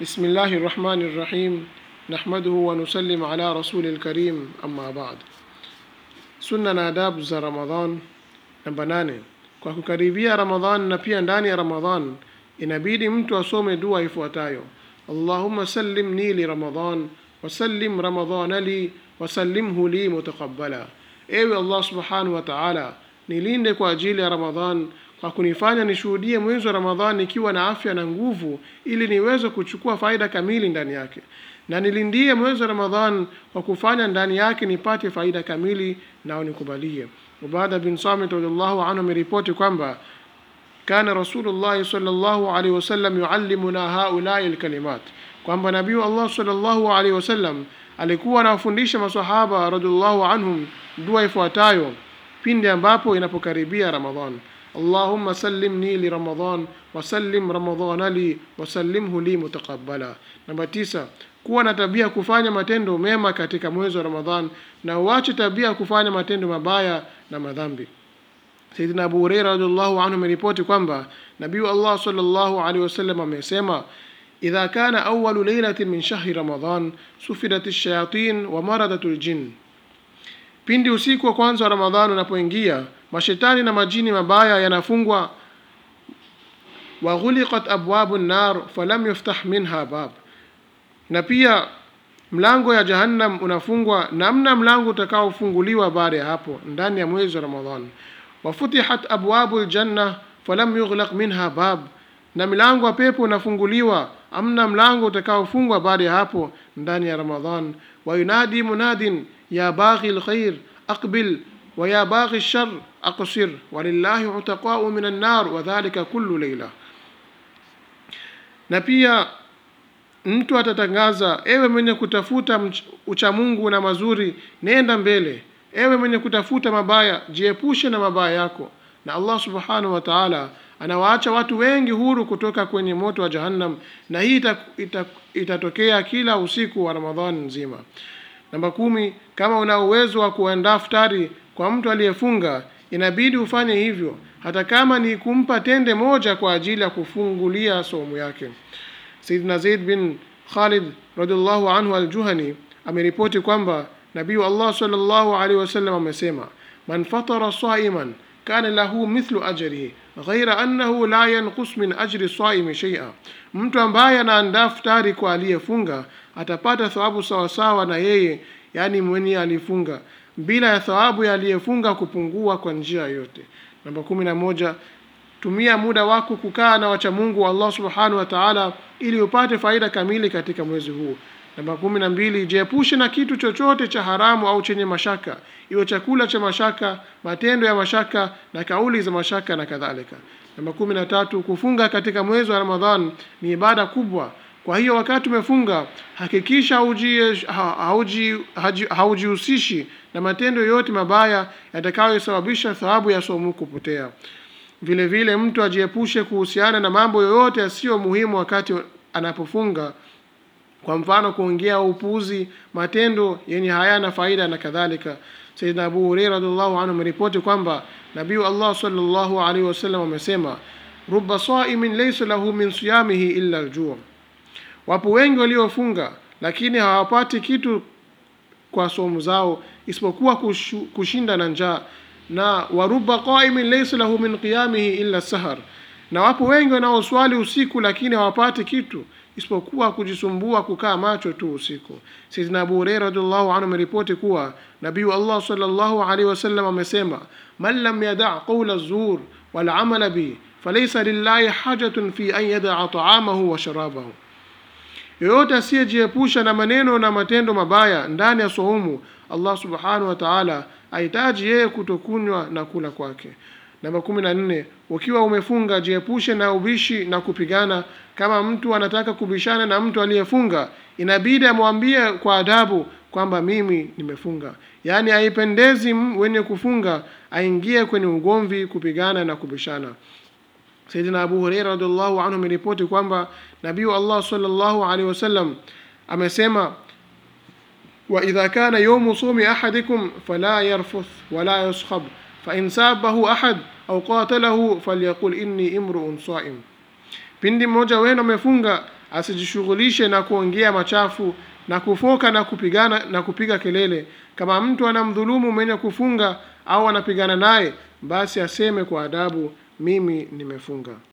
بسم الله الرحمن الرحيم نحمده ونسلم على رسول الكريم أما بعد sunna na adabu za Ramadhan. Namba nane, kwa kukaribia Ramadhan na pia ndani ya Ramadhan inabidi mtu asome dua ifuatayo: Allahumma sallimni li Ramadhan wasallim Ramadhana li wasallimhu li mutaqabbala. Ewe Allah subhanahu wa ta'ala, nilinde kwa ajili ya Ramadhan kwa kunifanya nishuhudie mwezi wa Ramadhani nikiwa na afya na nguvu, ili niweze kuchukua faida kamili ndani yake, na nilindie mwezi wa Ramadhani kwa kufanya ndani yake nipate faida kamili, nao nikubalie. Ubada bin Samit radhiallahu anhu ameripoti kwamba kana Rasulullahi sallallahu alaihi wasallam yuallimuna haulai lkalimat, kwamba Nabii Allah sallallahu alaihi wasallam alikuwa anawafundisha masahaba radhiallahu anhum dua ifuatayo pindi ambapo inapokaribia Ramadhani. اللهم سلمني لرمضان wasallim ramadhana li wasallimhu li mutaqabbala. Namba tisa, kuwa na tabia kufanya matendo mema katika mwezi wa Ramadhan na uache tabia kufanya matendo mabaya na madhambi. Sayyidina Abu Huraira radhiallahu anhu ameripoti kwamba Nabii Allah sallallahu alaihi wasallam amesema idha kana awalu laylatin min shahri Ramadhan sufidat ash-shayatin wa maradatul jinn Pindi usiku wa kwanza wa Ramadhani unapoingia, mashetani na majini mabaya yanafungwa. Waghuliqat abwabu nar falam yuftah minha bab, na pia mlango ya Jahannam unafungwa, namna mlango utakaofunguliwa baada ya hapo ndani ya mwezi wa Ramadhani. Wafutihat abwabu ljanna falam yughlaq minha bab, na milango ya pepo unafunguliwa, amna mlango utakaofungwa baada ya hapo ndani ya Ramadhani. وينادي مناد يا باغي الخير أقبل ويا باغي الشر أقصر ولله عتقاء من النار وذلك كل leila نبيا mtu atatangaza ewe mwenye kutafuta uchamungu na mazuri nenda mbele ewe mwenye kutafuta mabaya jiepushe na mabaya yako na allah subhanahu wa taala anawaacha watu wengi huru kutoka kwenye moto wa Jahannam, na hii itatokea kila usiku wa Ramadhani nzima. Namba kumi, kama una uwezo wa kuandaa futari kwa mtu aliyefunga, inabidi ufanye hivyo, hata kama ni kumpa tende moja kwa ajili ya kufungulia somu yake. Sayyidina Zaid bin Khalid radhiallahu anhu al-Juhani ameripoti kwamba Nabii Allah sallallahu alaihi wasallam amesema, man fatara saiman kana lahu mithlu ajrihi ghaira annahu la yanqus min ajri saimi shay'a, mtu ambaye anaandaa futari kwa aliyefunga atapata thawabu sawasawa na yeye, yani mwenye alifunga, bila ya thawabu ya aliyefunga kupungua kwa njia yoyote. Namba kumi na moja, tumia muda wako kukaa na wacha Mungu Allah subhanahu wa ta'ala, ili upate faida kamili katika mwezi huu. Namba kumi na mbili, jiepushe na kitu chochote cha haramu au chenye mashaka, iwe chakula cha mashaka, matendo ya mashaka na kauli za mashaka na kadhalika. Namba kumi na tatu, kufunga katika mwezi wa Ramadhan ni ibada kubwa. Kwa hiyo wakati umefunga hakikisha haujihusishi na matendo yoyote mabaya yatakayosababisha thawabu ya somo kupotea. Vile vile mtu ajiepushe kuhusiana na mambo yoyote yasiyo muhimu wakati anapofunga kwa mfano kuongea upuzi, matendo yenye hayana faida na kadhalika. Sayyidina Abu Hurairah radhiallahu anhu ameripoti kwamba Nabii Allah sallallahu alaihi wasallam amesema, ruba saimin laysa lahu min siyamihi illa aljuu, wapo wengi waliofunga lakini hawapati kitu kwa somu zao isipokuwa kushinda na njaa. Na waruba qaimin laysa lahu min qiyamihi illa sahar, na wapo wengi wanaoswali usiku lakini hawapati kitu isipokuwa kujisumbua kukaa macho tu usiku. Sayyidina Abu Hurairah radhiallahu anhu ameripoti kuwa Nabii wa Allah sallallahu alaihi wasallam amesema, man lam yadaa qawla zur wal amala bi falaysa lillahi hajatun fi an yadaa taamahu wa sharabahu, yoyote asiyejiepusha na maneno na matendo mabaya ndani ya saumu, Allah subhanahu wa ta'ala ahitaji yeye kutokunywa na kula kwake. Namba kumi na nne, ukiwa umefunga jiepushe na ubishi na kupigana. Kama mtu anataka kubishana na mtu aliyefunga, inabidi amwambie kwa adabu kwamba mimi nimefunga. Yaani haipendezi mwenye kufunga aingie kwenye ugomvi, kupigana na kubishana. saidina Abu Huraira radhiallahu anhu ameripoti kwamba Nabii Allah sallallahu alaihi wasallam amesema wa idha kana yawmu sumi ahadikum fala yarfuth wala yuskhab fain sabahu ahad au qatalahu falyaqul inni imruun saim, pindi mmoja wenu amefunga asijishughulishe na kuongea machafu na kufoka na kupigana na kupiga kelele. Kama mtu anamdhulumu mwenye kufunga au anapigana naye, basi aseme kwa adabu, mimi nimefunga.